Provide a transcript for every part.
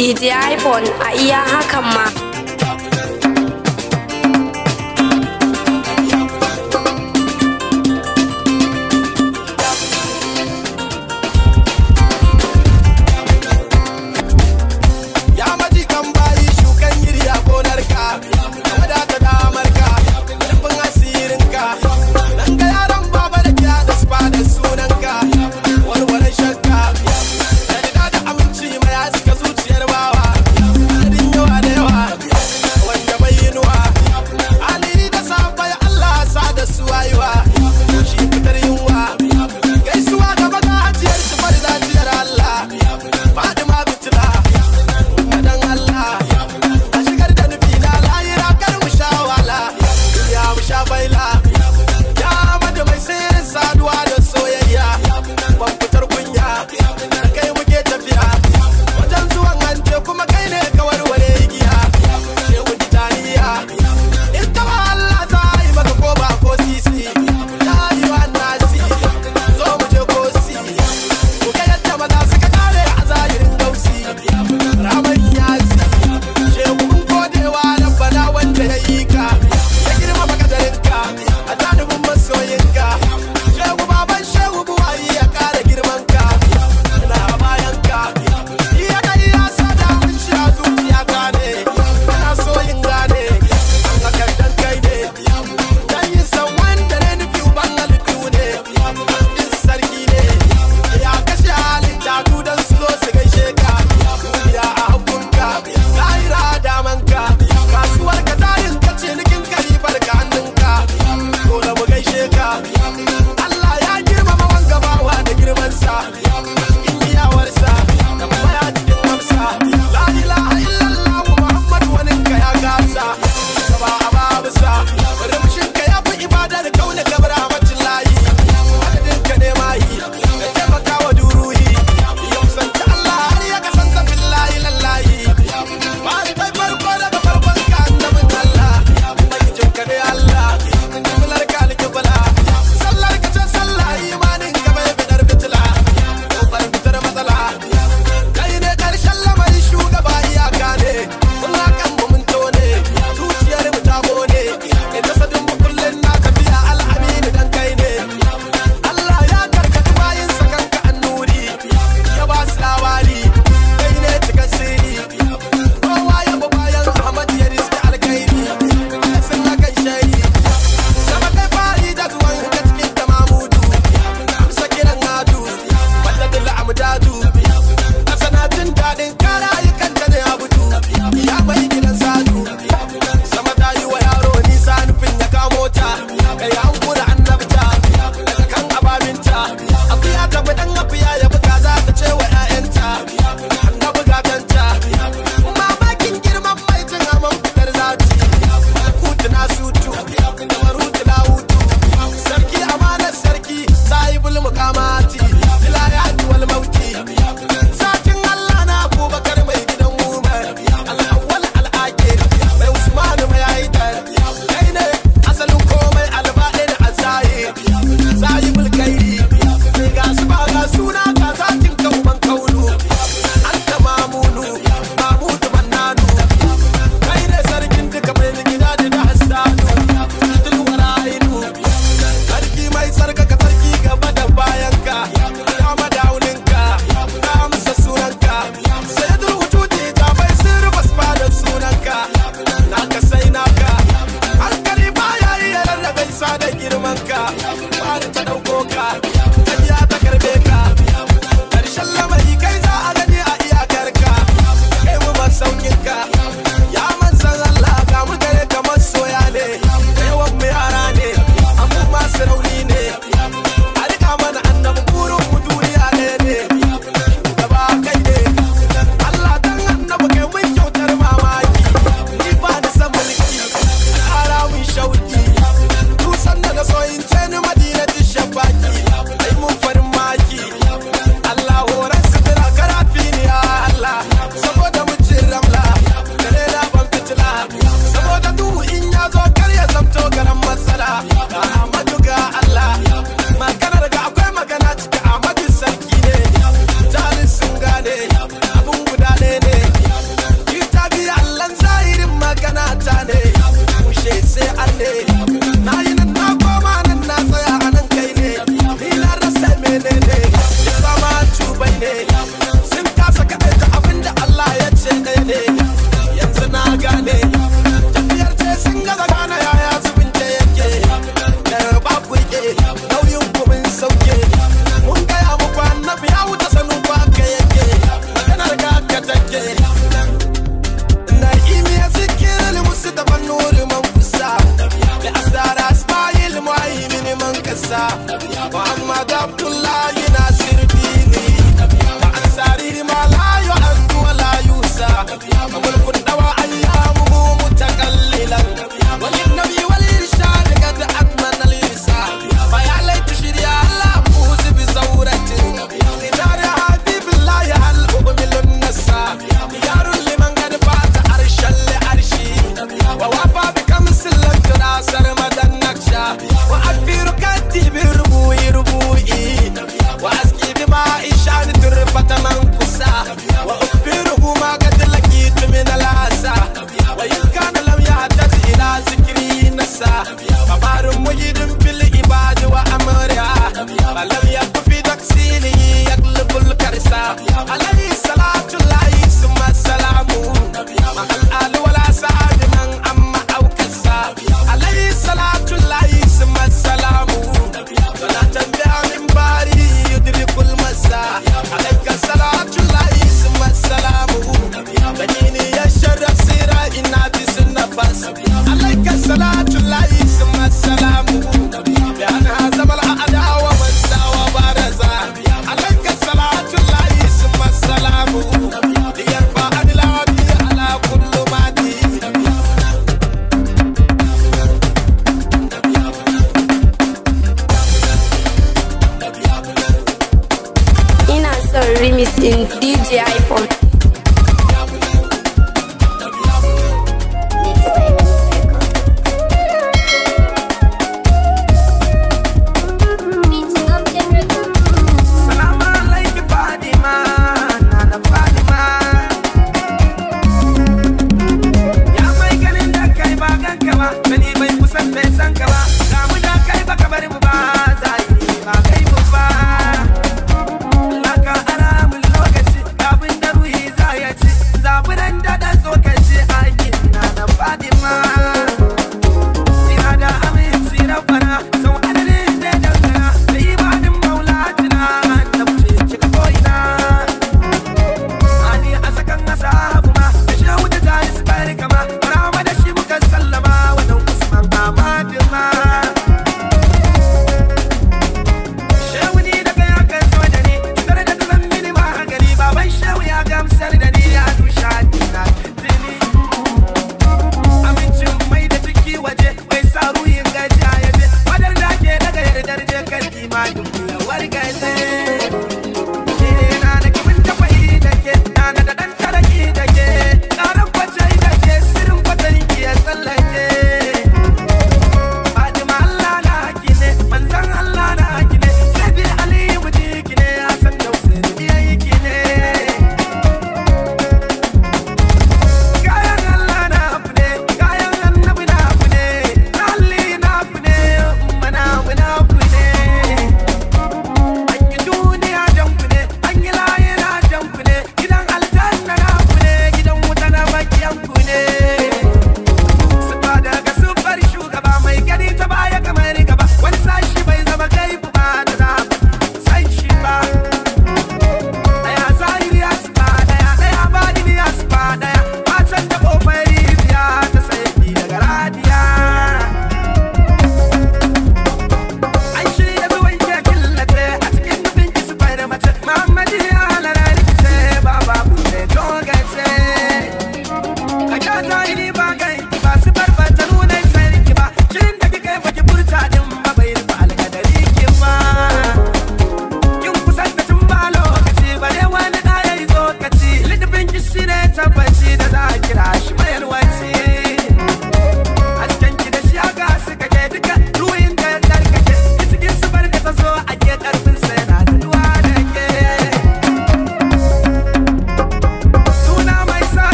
DJI iphone a iya hakan ma. duhu in ya zo kar ya zamto garan matsala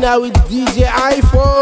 Now with DJ iPhone.